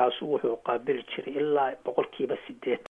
kaasu wuxuu qaabili jiray ilaa boqolkiiba sideed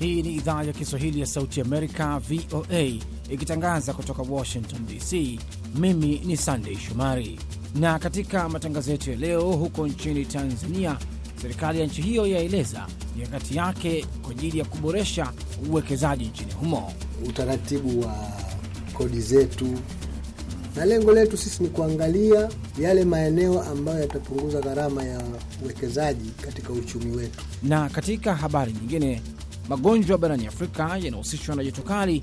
Hii ni idhaa ya Kiswahili ya Sauti Amerika, VOA, ikitangaza kutoka Washington DC. Mimi ni sandey Shomari na katika matangazo yetu ya leo, huko nchini Tanzania, serikali ya nchi hiyo yaeleza mikakati yake kwa ajili ya kuboresha uwekezaji nchini humo, utaratibu wa kodi zetu, na lengo letu sisi ni kuangalia yale maeneo ambayo yatapunguza gharama ya uwekezaji katika uchumi wetu. Na katika habari nyingine, magonjwa barani Afrika yanahusishwa na joto kali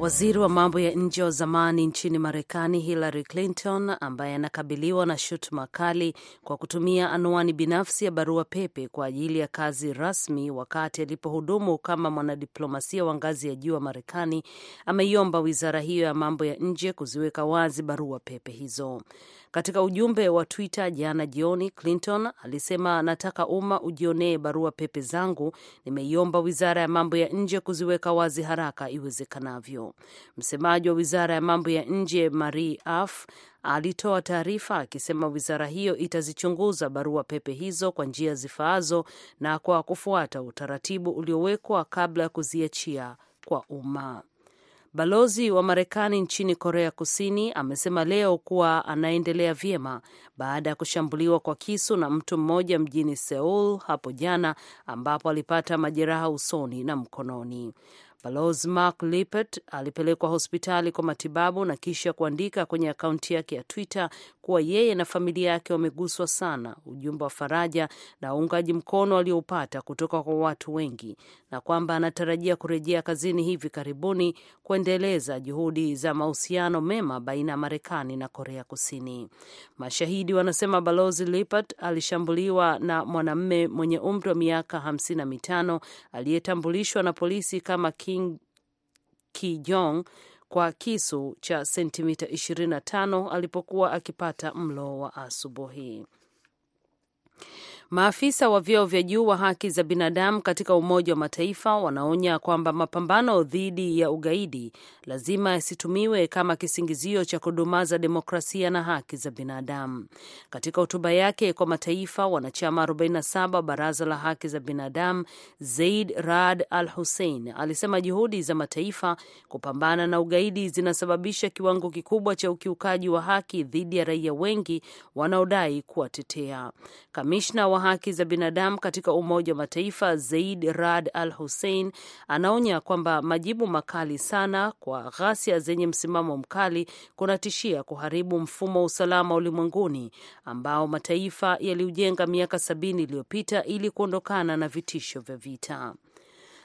Waziri wa mambo ya nje wa zamani nchini Marekani Hillary Clinton, ambaye anakabiliwa na shutuma kali kwa kutumia anwani binafsi ya barua pepe kwa ajili ya kazi rasmi wakati alipohudumu kama mwanadiplomasia wa ngazi ya juu wa Marekani, ameiomba wizara hiyo ya mambo ya nje kuziweka wazi barua pepe hizo. Katika ujumbe wa Twitter jana jioni, Clinton alisema, nataka umma ujionee barua pepe zangu. Nimeiomba wizara ya mambo ya nje kuziweka wazi haraka iwezekanavyo. Msemaji wa wizara ya mambo ya nje Marie Af alitoa taarifa akisema wizara hiyo itazichunguza barua pepe hizo kwa njia zifaazo na kwa kufuata utaratibu uliowekwa kabla ya kuziachia kwa umma. Balozi wa Marekani nchini Korea Kusini amesema leo kuwa anaendelea vyema baada ya kushambuliwa kwa kisu na mtu mmoja mjini Seoul hapo jana, ambapo alipata majeraha usoni na mkononi. Balozi Mark Lippert alipelekwa hospitali kwa matibabu na kisha kuandika kwenye akaunti yake ya Twitter kuwa yeye na familia yake wameguswa sana ujumbe wa faraja na uungaji mkono alioupata kutoka kwa watu wengi na kwamba anatarajia kurejea kazini hivi karibuni kuendeleza juhudi za mahusiano mema baina ya Marekani na Korea Kusini. Mashahidi wanasema Balozi Lippert alishambuliwa na mwanamme mwenye umri wa miaka hamsini na mitano aliyetambulishwa na polisi kama King Kijong kwa kisu cha sentimita 25 alipokuwa akipata mlo wa asubuhi. Maafisa wa vyeo vya juu wa haki za binadamu katika Umoja wa Mataifa wanaonya kwamba mapambano dhidi ya ugaidi lazima yasitumiwe kama kisingizio cha kudumaza demokrasia na haki za binadamu. Katika hotuba yake kwa mataifa wanachama 47 wa Baraza la Haki za Binadamu, Zaid Raad Al Hussein alisema juhudi za mataifa kupambana na ugaidi zinasababisha kiwango kikubwa cha ukiukaji wa haki dhidi ya raia wengi wanaodai kuwatetea. Kamishna wa haki za binadamu katika Umoja wa Mataifa Zaid Rad Al Hussein anaonya kwamba majibu makali sana kwa ghasia zenye msimamo mkali kunatishia kuharibu mfumo wa usalama ulimwenguni ambao mataifa yaliujenga miaka sabini iliyopita ili kuondokana na vitisho vya vita.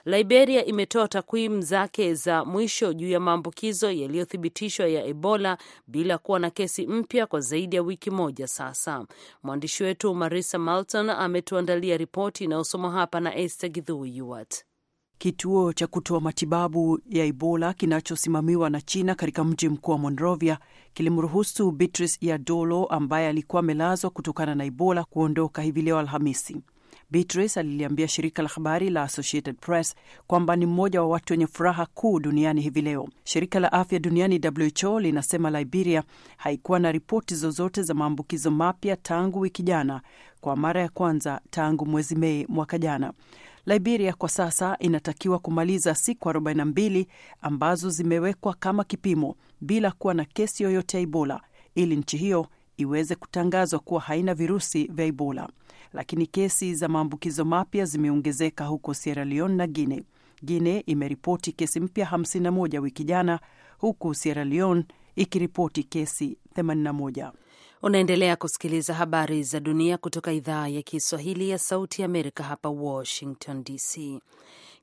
Liberia imetoa takwimu zake za mwisho juu ya maambukizo yaliyothibitishwa ya Ebola bila kuwa na kesi mpya kwa zaidi ya wiki moja sasa. Mwandishi wetu Marisa Malton ametuandalia ripoti inayosoma hapa na Esther Githui Kituo cha kutoa matibabu ya Ebola kinachosimamiwa na China katika mji mkuu wa Monrovia kilimruhusu Beatrice Yadolo ambaye alikuwa amelazwa kutokana na Ebola kuondoka hivi leo Alhamisi. Beatrice aliliambia shirika la habari la Associated Press kwamba ni mmoja wa watu wenye furaha kuu duniani hivi leo. Shirika la afya duniani WHO linasema Liberia haikuwa na ripoti zozote za maambukizo mapya tangu wiki jana, kwa mara ya kwanza tangu mwezi Mei mwaka jana. Liberia kwa sasa inatakiwa kumaliza siku 42 ambazo zimewekwa kama kipimo bila kuwa na kesi yoyote ya Ebola ili nchi hiyo iweze kutangazwa kuwa haina virusi vya Ebola, lakini kesi za maambukizo mapya zimeongezeka huko Sierra Leone na guine guine imeripoti kesi mpya 51 wiki jana, huku Sierra Leone ikiripoti kesi 81. Unaendelea kusikiliza habari za dunia kutoka idhaa ya Kiswahili ya Sauti ya Amerika hapa Washington DC.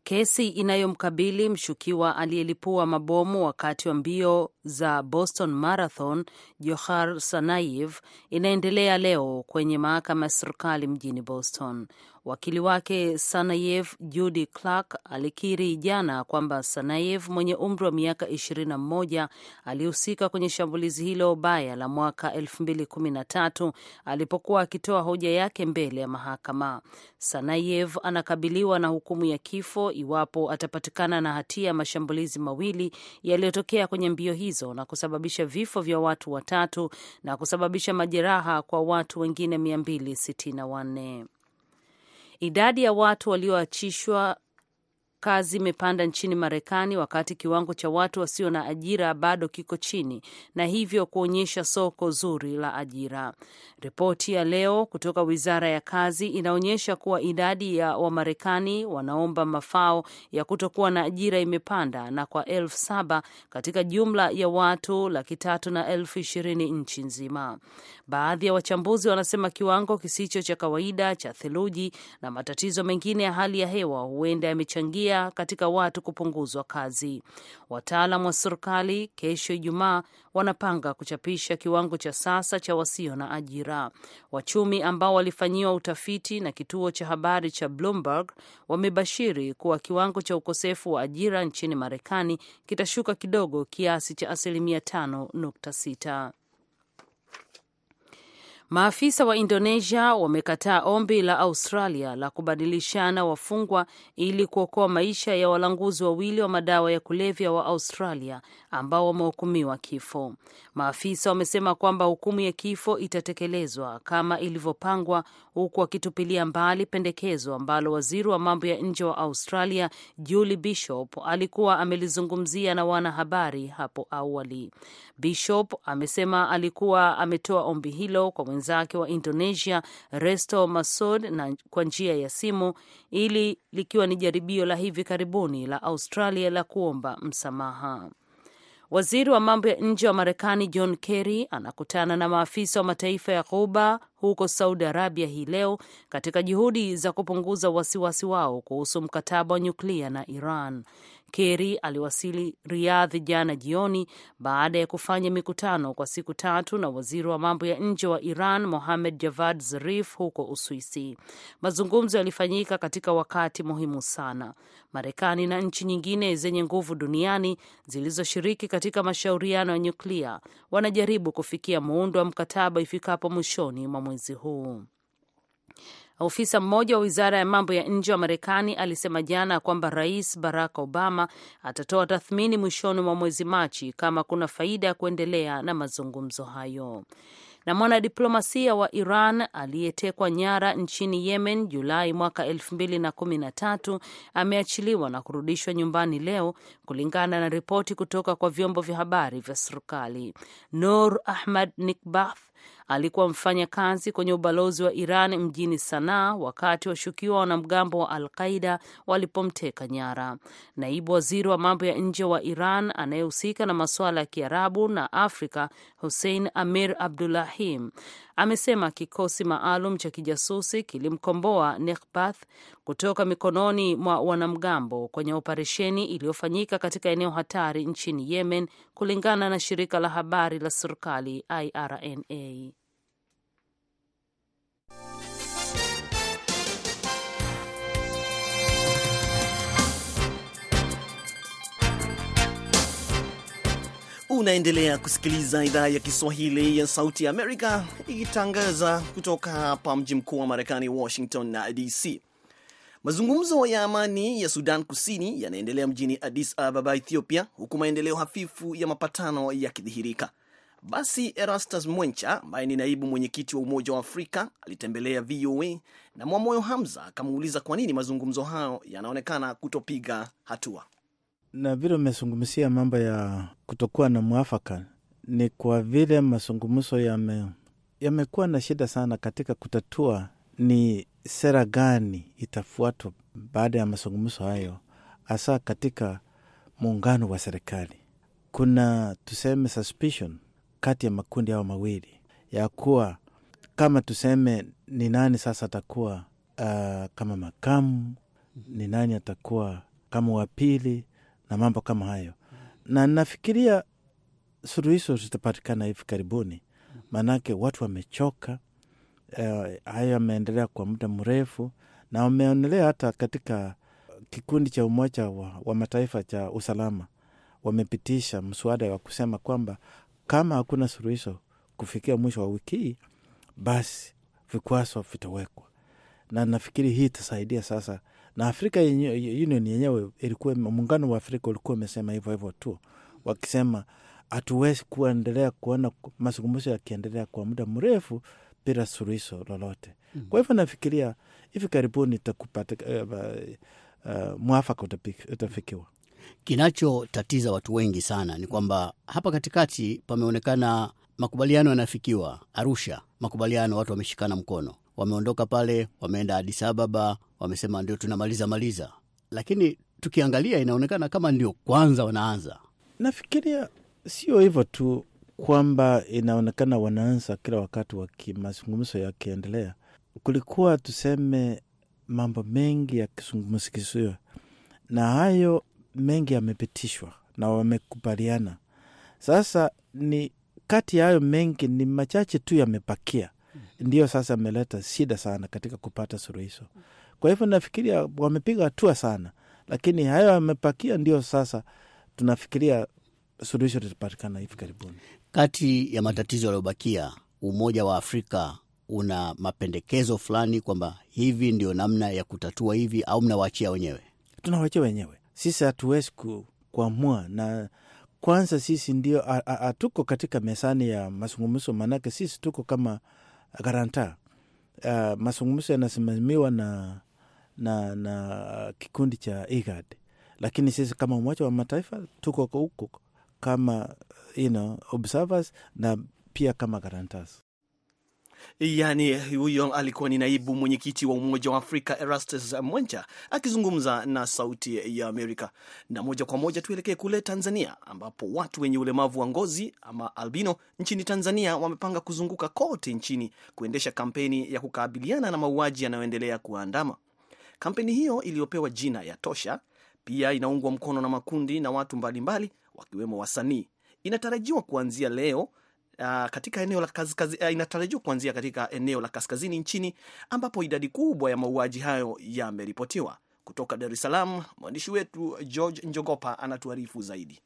Kesi inayomkabili mshukiwa aliyelipua mabomu wakati wa mbio za Boston Marathon, Johar Sanayev, inaendelea leo kwenye mahakama ya serikali mjini Boston. Wakili wake Sanayev Judy Clark alikiri jana kwamba Sanayev mwenye umri wa miaka 21 alihusika kwenye shambulizi hilo baya la mwaka 2013 alipokuwa akitoa hoja yake mbele ya mahakama. Sanayev anakabiliwa na hukumu ya kifo iwapo atapatikana na hatia ya mashambulizi mawili yaliyotokea kwenye mbio hizo na kusababisha vifo vya watu watatu na kusababisha majeraha kwa watu wengine 264. Idadi ya watu walioachishwa kazi imepanda nchini Marekani wakati kiwango cha watu wasio na ajira bado kiko chini na hivyo kuonyesha soko zuri la ajira. Ripoti ya leo kutoka Wizara ya Kazi inaonyesha kuwa idadi ya Wamarekani wanaomba mafao ya kutokuwa na ajira imepanda na kwa elfu saba katika jumla ya watu laki tatu na elfu ishirini nchi nzima. Baadhi ya wachambuzi wanasema kiwango kisicho cha kawaida cha theluji na matatizo mengine ya hali ya hewa huenda yamechangia katika watu kupunguzwa kazi. Wataalam wa serikali kesho Ijumaa wanapanga kuchapisha kiwango cha sasa cha wasio na ajira. Wachumi ambao walifanyiwa utafiti na kituo cha habari cha Bloomberg wamebashiri kuwa kiwango cha ukosefu wa ajira nchini Marekani kitashuka kidogo kiasi cha asilimia 5.6. Maafisa wa Indonesia wamekataa ombi la Australia la kubadilishana wafungwa ili kuokoa maisha ya walanguzi wawili wa madawa ya kulevya wa Australia ambao wamehukumiwa kifo. Maafisa wamesema kwamba hukumu ya kifo itatekelezwa kama ilivyopangwa, huku wakitupilia mbali pendekezo ambalo waziri wa mambo ya nje wa Australia Julie Bishop alikuwa amelizungumzia na wanahabari hapo awali. Bishop amesema alikuwa ametoa ombi hilo kwa mwenzake wa Indonesia Resto masud na kwa njia ya simu, ili likiwa ni jaribio la hivi karibuni la Australia la kuomba msamaha. Waziri wa mambo ya nje wa Marekani John Kerry anakutana na maafisa wa mataifa ya Ghuba huko Saudi Arabia hii leo katika juhudi za kupunguza wasiwasi wao kuhusu mkataba wa nyuklia na Iran. Kerry aliwasili Riyadh jana jioni baada ya kufanya mikutano kwa siku tatu na waziri wa mambo ya nje wa Iran Mohamed Javad Zarif huko Uswisi. Mazungumzo yalifanyika katika wakati muhimu sana. Marekani na nchi nyingine zenye nguvu duniani zilizoshiriki katika mashauriano ya nyuklia wanajaribu kufikia muundo wa mkataba ifikapo mwishoni mwa mwezi huu. Ofisa mmoja wa wizara ya mambo ya nje wa Marekani alisema jana kwamba Rais Barack Obama atatoa tathmini mwishoni mwa mwezi Machi kama kuna faida ya kuendelea na mazungumzo hayo na mwanadiplomasia wa Iran aliyetekwa nyara nchini Yemen Julai mwaka 2013 ameachiliwa na kurudishwa nyumbani leo, kulingana na ripoti kutoka kwa vyombo vya habari vya serikali. Nur Ahmad Nikbath alikuwa mfanyakazi kwenye ubalozi wa Iran mjini Sanaa wakati washukiwa wanamgambo wa Al Qaida walipomteka nyara. Naibu waziri wa mambo ya nje wa Iran anayehusika na masuala ya Kiarabu na Afrika, Hussein Amir Abdulahim, amesema kikosi maalum cha kijasusi kilimkomboa Nekhbath kutoka mikononi mwa wanamgambo kwenye operesheni iliyofanyika katika eneo hatari nchini Yemen, kulingana na shirika la habari la serikali IRNA. Unaendelea kusikiliza idhaa ya Kiswahili ya Sauti ya Amerika ikitangaza kutoka hapa mji mkuu wa Marekani, Washington na DC. Mazungumzo ya amani ya Sudan Kusini yanaendelea mjini Addis Ababa, Ethiopia, huku maendeleo hafifu ya mapatano yakidhihirika. Basi Erastus Mwencha ambaye ni naibu mwenyekiti wa Umoja wa Afrika alitembelea VOA na Mwamoyo Hamza akamuuliza kwa nini mazungumzo hayo yanaonekana kutopiga hatua na vile umezungumzia mambo ya kutokuwa na mwafaka, ni kwa vile mazungumzo yame yamekuwa na shida sana katika kutatua ni sera gani itafuatwa baada ya mazungumzo hayo, hasa katika muungano wa serikali. Kuna tuseme suspicion kati ya makundi hayo mawili ya kuwa kama tuseme ni nani sasa atakuwa uh, kama makamu, ni nani atakuwa kama wapili na mambo kama hayo, na nafikiria suluhisho zitapatikana hivi karibuni, maanake watu wamechoka. Eh, hayo yameendelea kwa muda mrefu na wameonelea hata katika kikundi cha Umoja wa, wa Mataifa cha usalama wamepitisha mswada wa kusema kwamba kama hakuna suluhisho kufikia mwisho wa wiki hii, basi vikwaso vitawekwa, na nafikiri hii itasaidia sasa na Afrika Union yenyewe ilikuwa, muungano wa Afrika ulikuwa umesema hivyo hivyo tu, wakisema hatuwezi kuendelea kuona mazungumzo yakiendelea kwa muda mrefu bila suluhisho lolote. Mm -hmm. Kwa hivyo nafikiria hivi karibuni itakupata uh, uh, mwafaka utafikiwa. Kinachotatiza watu wengi sana ni kwamba hapa katikati pameonekana makubaliano yanafikiwa Arusha, makubaliano, watu wameshikana mkono wameondoka pale, wameenda Addis Ababa, wamesema ndio tunamaliza maliza, lakini tukiangalia inaonekana kama ndio kwanza wanaanza. Nafikiria sio hivyo tu kwamba inaonekana wanaanza kila wakati wa wakimazungumzo yakiendelea. Kulikuwa tuseme mambo mengi yakizungumzikiziwa, na hayo mengi yamepitishwa na wamekubaliana. Sasa ni kati ya hayo mengi ni machache tu yamepakia ndio sasa ameleta shida sana katika kupata suruhisho Kwa hivyo nafikiria wamepiga hatua sana, lakini hayo amepakia ndio sasa tunafikiria suruhisho litapatikana hivi karibuni. Kati ya matatizo yaliyobakia, Umoja wa Afrika una mapendekezo fulani kwamba hivi ndio namna ya kutatua hivi, au mnawaachia wenyewe? Tunawachia wenyewe, sisi hatuwezi kuamua na kwanza sisi ndio hatuko katika mesani ya mazungumzo, maanake sisi tuko kama Garanta. Uh, ah, mazungumzo yanasimamiwa na, na, na kikundi cha IGAD, lakini sisi kama Umoja wa Mataifa tuko huko kama you know, observers na pia kama garantas Yani huyo alikuwa ni naibu mwenyekiti wa Umoja wa Afrika Erastus Mwencha akizungumza na Sauti ya Amerika. Na moja kwa moja tuelekee kule Tanzania, ambapo watu wenye ulemavu wa ngozi ama albino nchini Tanzania wamepanga kuzunguka kote nchini kuendesha kampeni ya kukabiliana na mauaji yanayoendelea kuandama. Kampeni hiyo iliyopewa jina ya Tosha pia inaungwa mkono na makundi na watu mbalimbali wakiwemo wasanii. Inatarajiwa kuanzia leo Uh, katika eneo la kaskazi, uh, inatarajiwa kuanzia katika eneo la kaskazini nchini ambapo idadi kubwa ya mauaji hayo yameripotiwa. Kutoka Dar es Salaam, mwandishi wetu George Njogopa anatuarifu zaidi.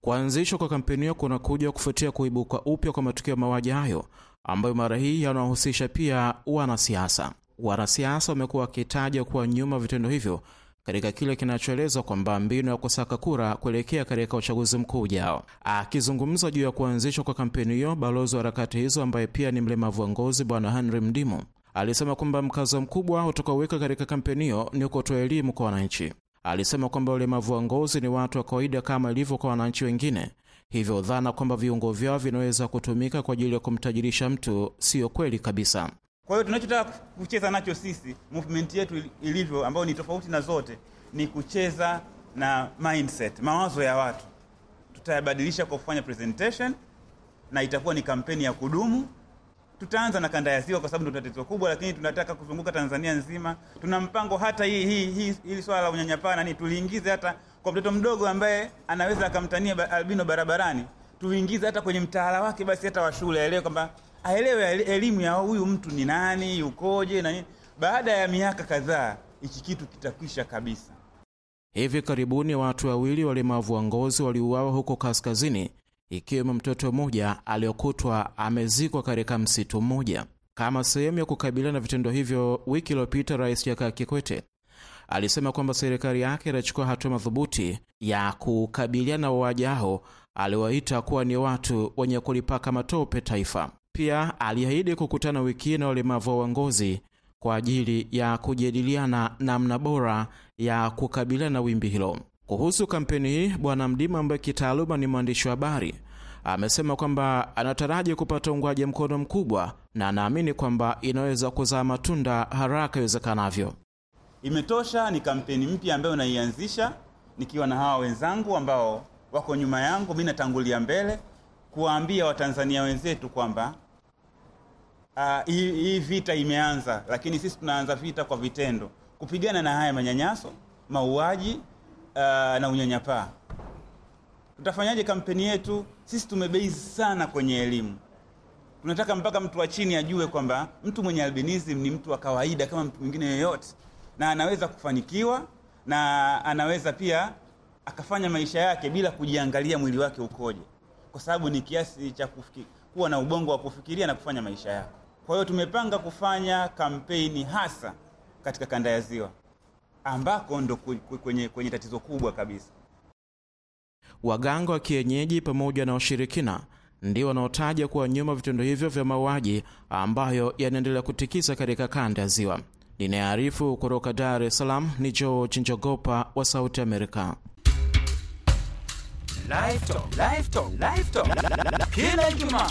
Kuanzishwa kwa kampeni hiyo kunakuja kufuatia kuibuka upya kwa matukio ya mauaji hayo ambayo mara hii yanawahusisha pia wanasiasa. Wanasiasa wamekuwa wakitaja kuwa nyuma vitendo hivyo katika kile kinachoelezwa kwamba mbinu ya kusaka kura kuelekea katika uchaguzi mkuu ujao. Akizungumza juu ya kuanzishwa kwa kampeni hiyo, balozi wa harakati hizo ambaye pia ni mlemavu wa ngozi Bwana Henry mdimu alisema kwamba mkazo mkubwa utakaoweka katika kampeni hiyo ni kutoa elimu kwa wananchi. Alisema kwamba ulemavu wa ngozi ni watu wa kawaida kama ilivyo kwa wananchi wengine, hivyo dhana kwamba viungo vyao vinaweza kutumika kwa ajili ya kumtajirisha mtu siyo kweli kabisa. Kwa hiyo tunachotaka kucheza nacho sisi, movement yetu ilivyo, ambayo ni tofauti na zote, ni kucheza na mindset, mawazo ya watu. Tutayabadilisha kwa kufanya presentation na itakuwa ni kampeni ya kudumu. Tutaanza na kanda ya Ziwa kwa sababu ndio tatizo kubwa, lakini tunataka kuzunguka Tanzania nzima. Tuna mpango hata hii hii hii hili swala la unyanyapaa na tuliingize hata kwa mtoto mdogo ambaye anaweza akamtania albino barabarani, tuingize hata kwenye mtaala wake basi hata wa shule aelewe kwamba aelewe elimu ya huyu mtu ni nani, yukoje na nini. Baada ya miaka kadhaa, hiki kitu kitakwisha kabisa. Hivi karibuni watu wawili walemavu wa ngozi waliuawa huko kaskazini, ikiwemo mtoto mmoja aliyokutwa amezikwa katika msitu mmoja. Kama sehemu ya kukabiliana na vitendo hivyo, wiki iliyopita Rais jaka Kikwete alisema kwamba serikali yake inachukua hatua madhubuti ya kukabiliana na wauaji hao kuwa ni watu wenye kulipaka matope taifa. Pia aliahidi kukutana wiki na walemavu wa ngozi kwa ajili ya kujadiliana namna bora ya kukabiliana na wimbi hilo. Kuhusu kampeni hii, Bwana Mdima ambaye kitaaluma ni mwandishi wa habari amesema kwamba anataraji kupata uungwaji mkono mkubwa na anaamini kwamba inaweza kuzaa matunda haraka iwezekanavyo. Imetosha ni kampeni mpya ambayo naianzisha nikiwa na hawa wenzangu ambao wako nyuma yangu, mi natangulia mbele kuwaambia Watanzania wenzetu kwamba Ah, hii, uh, vita imeanza, lakini sisi tunaanza vita kwa vitendo, kupigana na haya manyanyaso, mauaji uh, na unyanyapaa. Tutafanyaje kampeni yetu? Sisi tumebase sana kwenye elimu. Tunataka mpaka mtu wa chini ajue kwamba mtu mwenye albinism ni mtu wa kawaida kama mtu mwingine yoyote, na anaweza kufanikiwa na anaweza pia akafanya maisha yake bila kujiangalia mwili wake ukoje, kwa sababu ni kiasi cha kuwa na ubongo wa kufikiria na kufanya maisha yako. Kwa hiyo tumepanga kufanya kampeni hasa katika kanda ya Ziwa ambako ndo kwenye, kwenye tatizo kubwa kabisa. Waganga wa kienyeji pamoja na washirikina ndio wanaotaja kuwa nyuma vitendo hivyo vya mauaji ambayo yanaendelea kutikisa katika kanda ya Ziwa. Ninaarifu kutoka Dar es Salaam ni George Njogopa wa Sauti Amerika. Kila Ijumaa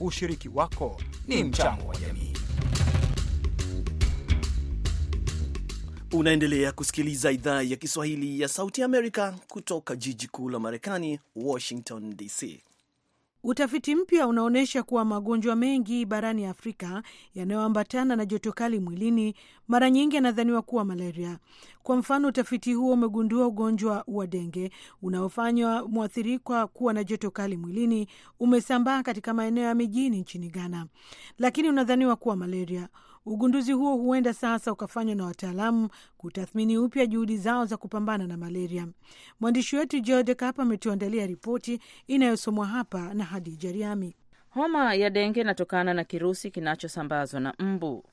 Ushiriki wako ni hmm. mchango wa jamii. Unaendelea kusikiliza idhaa ya Kiswahili ya Sauti Amerika kutoka jiji kuu la Marekani, Washington DC. Utafiti mpya unaonyesha kuwa magonjwa mengi barani Afrika yanayoambatana na joto kali mwilini mara nyingi yanadhaniwa kuwa malaria. Kwa mfano, utafiti huo umegundua ugonjwa wa denge unaofanywa mwathirikwa kuwa na joto kali mwilini umesambaa katika maeneo ya mijini nchini Ghana, lakini unadhaniwa kuwa malaria. Ugunduzi huo huenda sasa ukafanywa na wataalamu kutathmini upya juhudi zao za kupambana na malaria. Mwandishi wetu George Kapa ametuandalia ripoti inayosomwa hapa na Hadija Riami. Homa ya denge inatokana na kirusi kinachosambazwa na mbu.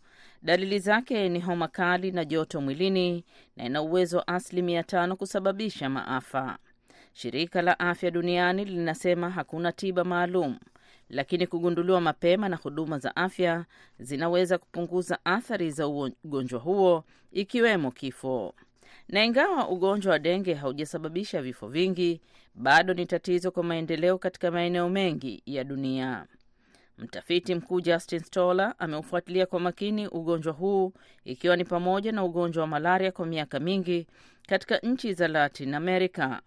Dalili zake ni homa kali na joto mwilini na ina uwezo wa asilimia tano kusababisha maafa. Shirika la Afya Duniani linasema hakuna tiba maalum lakini kugunduliwa mapema na huduma za afya zinaweza kupunguza athari za ugonjwa huo ikiwemo kifo. Na ingawa ugonjwa wa denge haujasababisha vifo vingi, bado ni tatizo kwa maendeleo katika maeneo mengi ya dunia. Mtafiti mkuu Justin Stoller ameufuatilia kwa makini ugonjwa huu ikiwa ni pamoja na ugonjwa wa malaria kwa miaka mingi katika nchi za Latin America.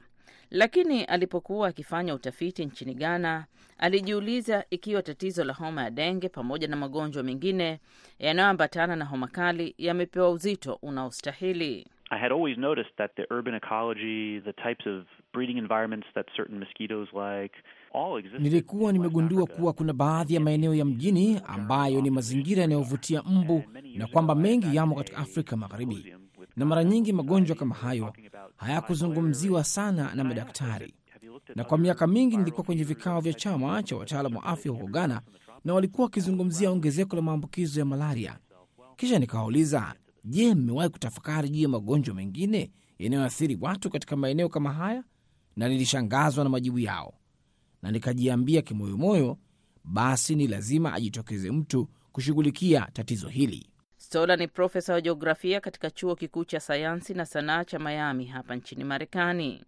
Lakini alipokuwa akifanya utafiti nchini Ghana, alijiuliza ikiwa tatizo la homa ya denge pamoja na magonjwa mengine yanayoambatana na homa kali yamepewa uzito unaostahili. I had always noticed that the urban ecology, the types of breeding environments that certain mosquitoes like, all Nilikuwa nimegundua kuwa kuna baadhi ya maeneo ya mjini ambayo ni mazingira yanayovutia mbu na kwamba mengi yamo katika Afrika Magharibi na mara nyingi magonjwa kama hayo hayakuzungumziwa sana na madaktari. Na kwa miaka mingi nilikuwa kwenye vikao vya chama cha wataalam wa afya huko Ghana, na walikuwa wakizungumzia ongezeko la maambukizo ya malaria. Kisha nikawauliza, je, mmewahi kutafakari juu ya magonjwa mengine yanayoathiri watu katika maeneo kama haya? Na nilishangazwa na majibu yao, na nikajiambia kimoyomoyo, basi ni lazima ajitokeze mtu kushughulikia tatizo hili. Stola ni profesa wa jiografia katika chuo kikuu cha sayansi na sanaa cha Miami hapa nchini Marekani.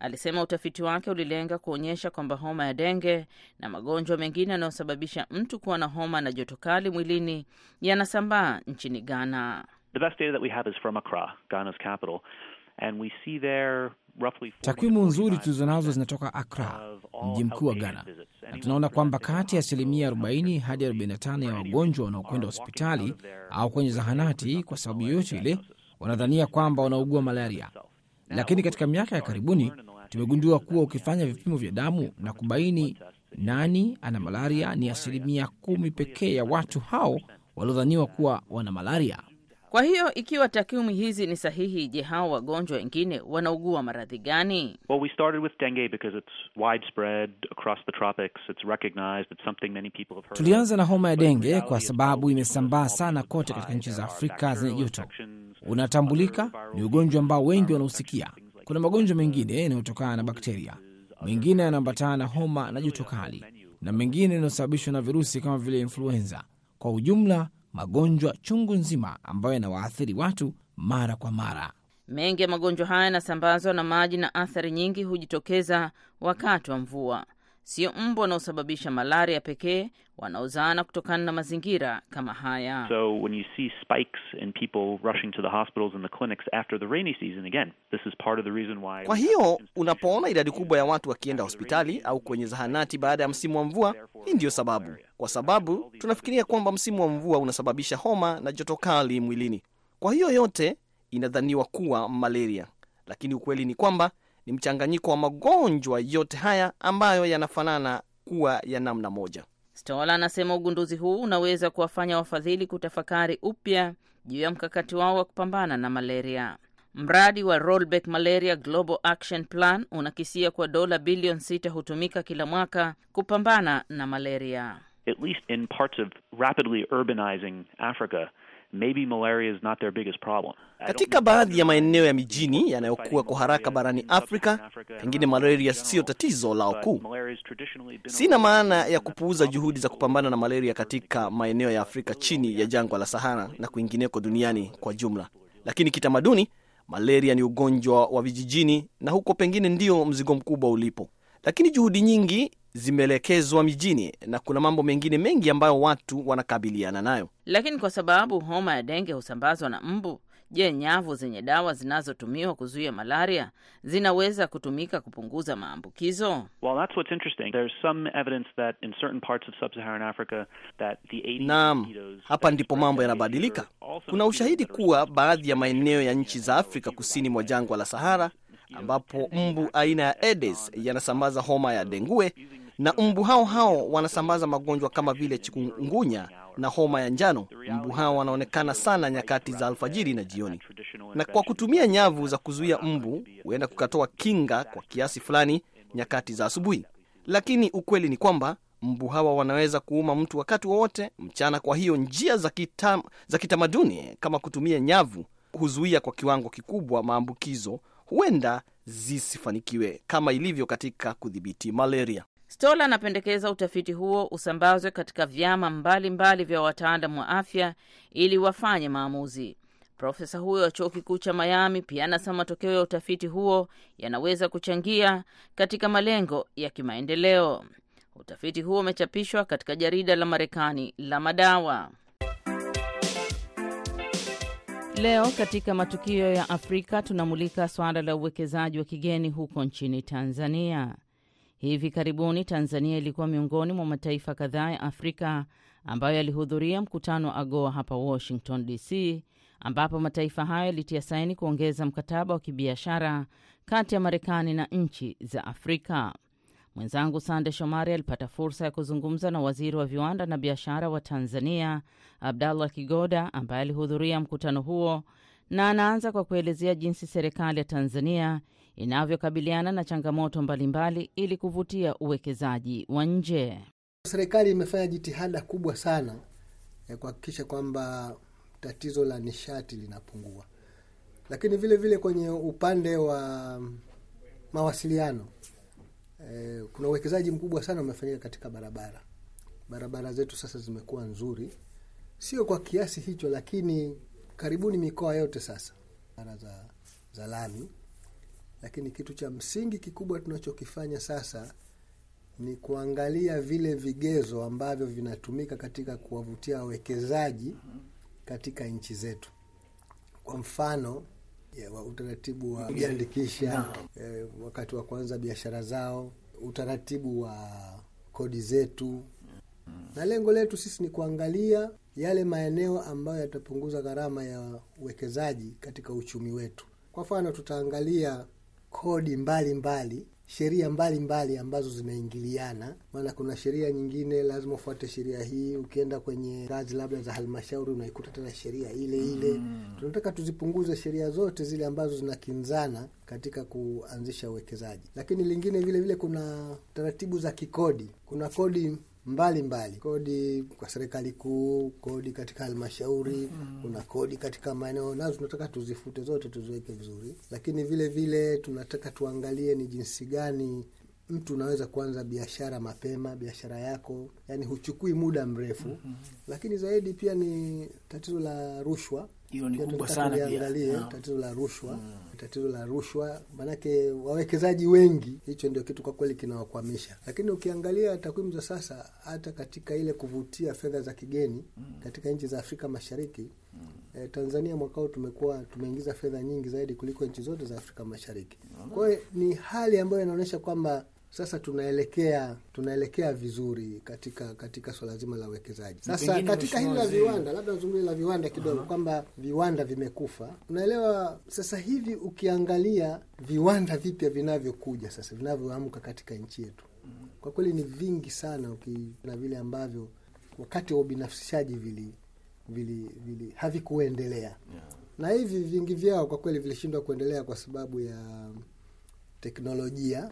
Alisema utafiti wake ulilenga kuonyesha kwamba homa ya denge na magonjwa mengine yanayosababisha mtu kuwa na homa na joto kali mwilini yanasambaa nchini Ghana. The best data that we have is from Accra, Ghana's capital, and we see there Takwimu nzuri tulizonazo zinatoka Akra, mji mkuu wa Ghana, na tunaona kwamba kati ya asilimia 40 hadi 45 ya wagonjwa wanaokwenda hospitali au kwenye zahanati kwa sababu yoyote ile wanadhania kwamba wanaugua malaria. Lakini katika miaka ya karibuni tumegundua kuwa ukifanya vipimo vya damu na kubaini nani ana malaria, ni asilimia kumi pekee ya watu hao waliodhaniwa kuwa wana malaria kwa hiyo ikiwa takwimu hizi ni sahihi, je, hao wagonjwa wengine wanaugua maradhi gani? Well, we started with dengue because it's widespread across the tropics. It's recognized, it's something many people have heard. Tulianza na homa ya denge kwa sababu imesambaa sana kote katika nchi za Afrika zenye joto. Unatambulika, ni ugonjwa ambao wengi um, wanausikia. Kuna magonjwa uh, mengine yanayotokana na bakteria, mengine yanaambatana na homa na joto kali, na mengine yanayosababishwa na virusi kama vile influenza. Kwa ujumla magonjwa chungu nzima ambayo yanawaathiri watu mara kwa mara. Mengi ya magonjwa haya yanasambazwa na maji na athari nyingi hujitokeza wakati wa mvua. Sio mbu wanaosababisha malaria pekee wanaozaana kutokana na mazingira kama haya. So when you see spikes in people rushing to the hospitals and the clinics after the rainy season again, this is part of the reason why. Kwa hiyo unapoona idadi kubwa ya watu wakienda hospitali au kwenye zahanati baada ya msimu wa mvua, hii ndiyo sababu, kwa sababu tunafikiria kwamba msimu wa mvua unasababisha homa na joto kali mwilini. Kwa hiyo yote inadhaniwa kuwa malaria, lakini ukweli ni kwamba ni mchanganyiko wa magonjwa yote haya ambayo yanafanana kuwa ya namna moja. Stola anasema ugunduzi huu unaweza kuwafanya wafadhili kutafakari upya juu ya mkakati wao wa kupambana na malaria. Mradi wa Rollback Malaria Global Action Plan unakisia kwa dola bilioni sita hutumika kila mwaka kupambana na malaria. At least in parts of rapidly urbanizing Africa maybe malaria is not their biggest problem. Katika baadhi ya maeneo ya mijini yanayokuwa kwa haraka barani Afrika, pengine malaria siyo tatizo lao kuu. Sina maana ya kupuuza juhudi za kupambana na malaria katika maeneo ya Afrika chini ya jangwa la Sahara na kwingineko duniani kwa jumla, lakini kitamaduni malaria ni ugonjwa wa vijijini na huko pengine ndio mzigo mkubwa ulipo, lakini juhudi nyingi zimeelekezwa mijini na kuna mambo mengine mengi ambayo watu wanakabiliana nayo. Lakini kwa sababu homa ya denge husambazwa na mbu, je, nyavu zenye dawa zinazotumiwa kuzuia malaria zinaweza kutumika kupunguza maambukizo? naam, hapa ndipo mambo yanabadilika. Kuna ushahidi kuwa baadhi ya maeneo ya nchi za Afrika kusini mwa jangwa la Sahara ambapo mbu aina ya Aedes yanasambaza homa ya dengue na mbu hao hao wanasambaza magonjwa kama vile chikungunya na homa ya njano. Mbu hao wanaonekana sana nyakati za alfajiri na jioni, na kwa kutumia nyavu za kuzuia mbu huenda kukatoa kinga kwa kiasi fulani nyakati za asubuhi, lakini ukweli ni kwamba mbu hawa wanaweza kuuma mtu wakati wowote mchana. Kwa hiyo njia za, kita, za kitamaduni kama kutumia nyavu huzuia kwa kiwango kikubwa maambukizo, huenda zisifanikiwe kama ilivyo katika kudhibiti malaria. Stola anapendekeza utafiti huo usambazwe katika vyama mbalimbali mbali vya wataalam wa afya ili wafanye maamuzi. Profesa huyo wa chuo kikuu cha Miami pia anasema matokeo ya utafiti huo yanaweza kuchangia katika malengo ya kimaendeleo. Utafiti huo umechapishwa katika jarida la Marekani la madawa. Leo katika matukio ya Afrika tunamulika swala la uwekezaji wa kigeni huko nchini Tanzania. Hivi karibuni Tanzania ilikuwa miongoni mwa mataifa kadhaa ya Afrika ambayo yalihudhuria mkutano wa AGOA hapa Washington DC, ambapo mataifa hayo yalitia saini kuongeza mkataba wa kibiashara kati ya Marekani na nchi za Afrika. Mwenzangu Sande Shomari alipata fursa ya kuzungumza na waziri wa viwanda na biashara wa Tanzania, Abdallah Kigoda, ambaye alihudhuria mkutano huo, na anaanza kwa kuelezea jinsi serikali ya Tanzania inavyokabiliana na changamoto mbalimbali ili kuvutia uwekezaji wa nje. Serikali imefanya jitihada kubwa sana ya kuhakikisha kwamba tatizo la nishati linapungua, lakini vile vile kwenye upande wa mawasiliano e, kuna uwekezaji mkubwa sana umefanyika katika barabara. Barabara zetu sasa zimekuwa nzuri, sio kwa kiasi hicho, lakini karibuni mikoa yote sasa za, za lami lakini kitu cha msingi kikubwa tunachokifanya sasa ni kuangalia vile vigezo ambavyo vinatumika katika kuwavutia wawekezaji katika nchi zetu. Kwa mfano wa utaratibu wa kujiandikisha e, wakati wa kwanza biashara zao, utaratibu wa kodi zetu, na lengo letu sisi ni kuangalia yale maeneo ambayo yatapunguza gharama ya uwekezaji katika uchumi wetu. Kwa mfano tutaangalia kodi mbalimbali, sheria mbalimbali ambazo zinaingiliana. Maana kuna sheria nyingine lazima ufuate sheria hii, ukienda kwenye ngazi labda za halmashauri unaikuta tena sheria ile ile mm. Tunataka tuzipunguze sheria zote zile ambazo zinakinzana katika kuanzisha uwekezaji. Lakini lingine vile vile kuna taratibu za kikodi, kuna kodi mbalimbali mbali, kodi kwa serikali kuu, kodi katika halmashauri mm. kuna kodi katika maeneo, nazo tunataka tuzifute zote, tuziweke vizuri, lakini vile vile tunataka tuangalie ni jinsi gani mtu unaweza kuanza biashara mapema, biashara yako yani huchukui muda mrefu mm -hmm. Lakini zaidi pia ni tatizo la rushwa hiyo ni kubwa sana. Liangalie tatizo la rushwa mm. Tatizo la rushwa maanake, wawekezaji wengi, hicho ndio kitu kwa kweli kinawakwamisha. Lakini ukiangalia takwimu za sasa, hata katika ile kuvutia fedha za kigeni mm. katika nchi za Afrika Mashariki mm. eh, Tanzania mwaka huu tumekuwa tumeingiza fedha nyingi zaidi kuliko nchi zote za Afrika Mashariki mm. Kwa hiyo ni hali ambayo inaonyesha kwamba sasa tunaelekea tunaelekea vizuri katika katika swala zima la uwekezaji. Sasa katika hili la viwanda, labda zungumzie la viwanda kidogo, kwamba viwanda vimekufa. Unaelewa, sasa hivi ukiangalia viwanda vipya vinavyokuja sasa, vinavyoamka katika nchi yetu, kwa kweli ni vingi sana, uki na vile ambavyo wakati wa ubinafsishaji vili vili vili havikuendelea, na hivi vingi vyao kwa kweli vilishindwa kuendelea kwa sababu ya teknolojia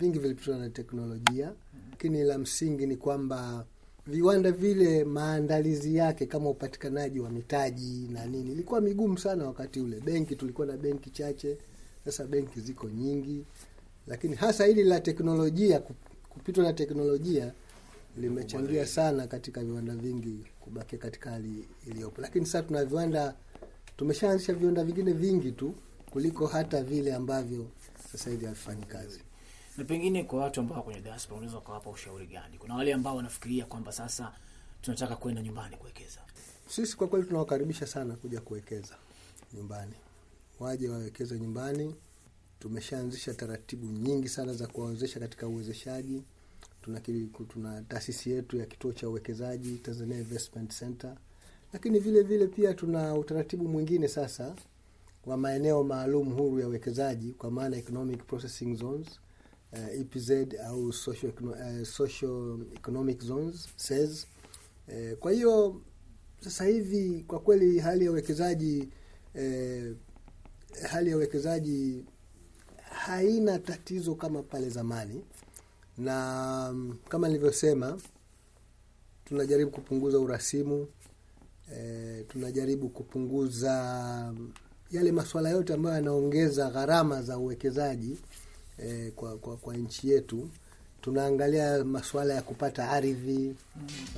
vingi vilipitwa na teknolojia, lakini la msingi ni kwamba viwanda vile maandalizi yake kama upatikanaji wa mitaji na nini ilikuwa migumu sana wakati ule. Benki tulikuwa na benki chache, sasa benki ziko nyingi, lakini hasa hili la teknolojia, kupitwa na teknolojia limechangia sana katika viwanda vingi kubakia katika hali iliyopo. Lakini sasa tuna viwanda, tumeshaanzisha viwanda vingine vingi tu kuliko hata vile ambavyo sasa hivi havifanyi kazi. Na pengine kwa watu ambao kwenye diaspora unaweza kuwapa ushauri gani? Kuna wale ambao wanafikiria kwamba sasa tunataka kwenda nyumbani kuwekeza. Sisi kwa kweli tunawakaribisha sana kuja kuwekeza nyumbani, waje wawekeze nyumbani. Tumeshaanzisha taratibu nyingi sana za kuwawezesha katika uwezeshaji. Tuna, tuna taasisi yetu ya kituo cha uwekezaji Tanzania Investment Center, lakini vile vile pia tuna utaratibu mwingine sasa wa maeneo maalum huru ya uwekezaji kwa maana economic processing zones uh, EPZ au social, uh, social economic zones says. Uh, kwa hiyo sasa hivi kwa kweli hali ya uwekezaji uh, hali ya uwekezaji haina tatizo kama pale zamani, na um, kama nilivyosema, tunajaribu kupunguza urasimu e, tunajaribu kupunguza um, yale masuala yote ambayo yanaongeza gharama za uwekezaji eh, kwa, kwa, kwa nchi yetu tunaangalia masuala ya kupata ardhi mm.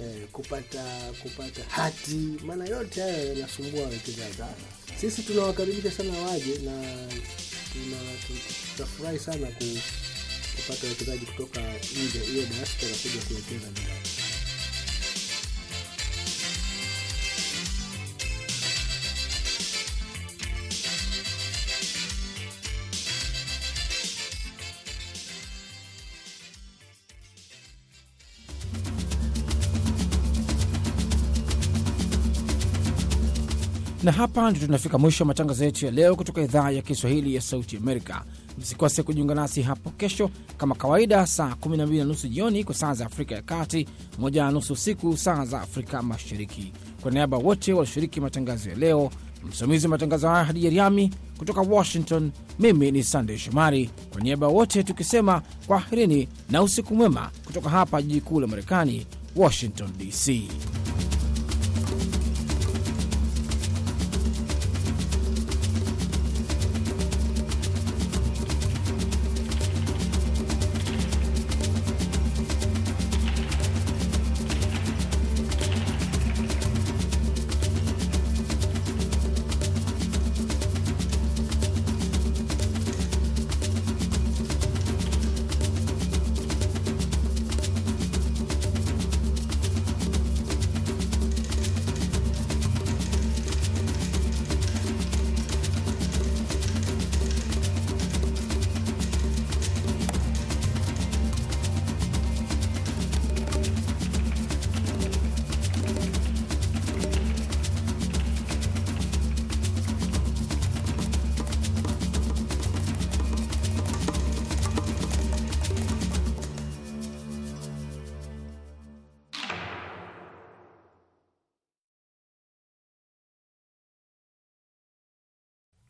eh, kupata kupata hati, maana yote hayo yanasumbua wawekezaji. Sisi tunawakaribisha sana waje na tutafurahi sana kupata wawekezaji kutoka nje, hiyo diaspora kuja kuwekeza nyumbani. na hapa ndio tunafika mwisho wa matangazo yetu ya leo kutoka idhaa ya Kiswahili ya Sauti Amerika. Msikose kujiunga nasi hapo kesho kama kawaida, saa 12 na nusu jioni kwa saa za Afrika ya Kati, moja na nusu usiku saa za Afrika Mashariki. Kwa niaba wote walioshiriki matangazo ya leo, msimamizi wa matangazo haya Hadija Riami kutoka Washington, mimi ni Sandey Shomari. Kwa niaba wote tukisema ahirini na usiku mwema kutoka hapa jiji kuu la Marekani, Washington DC.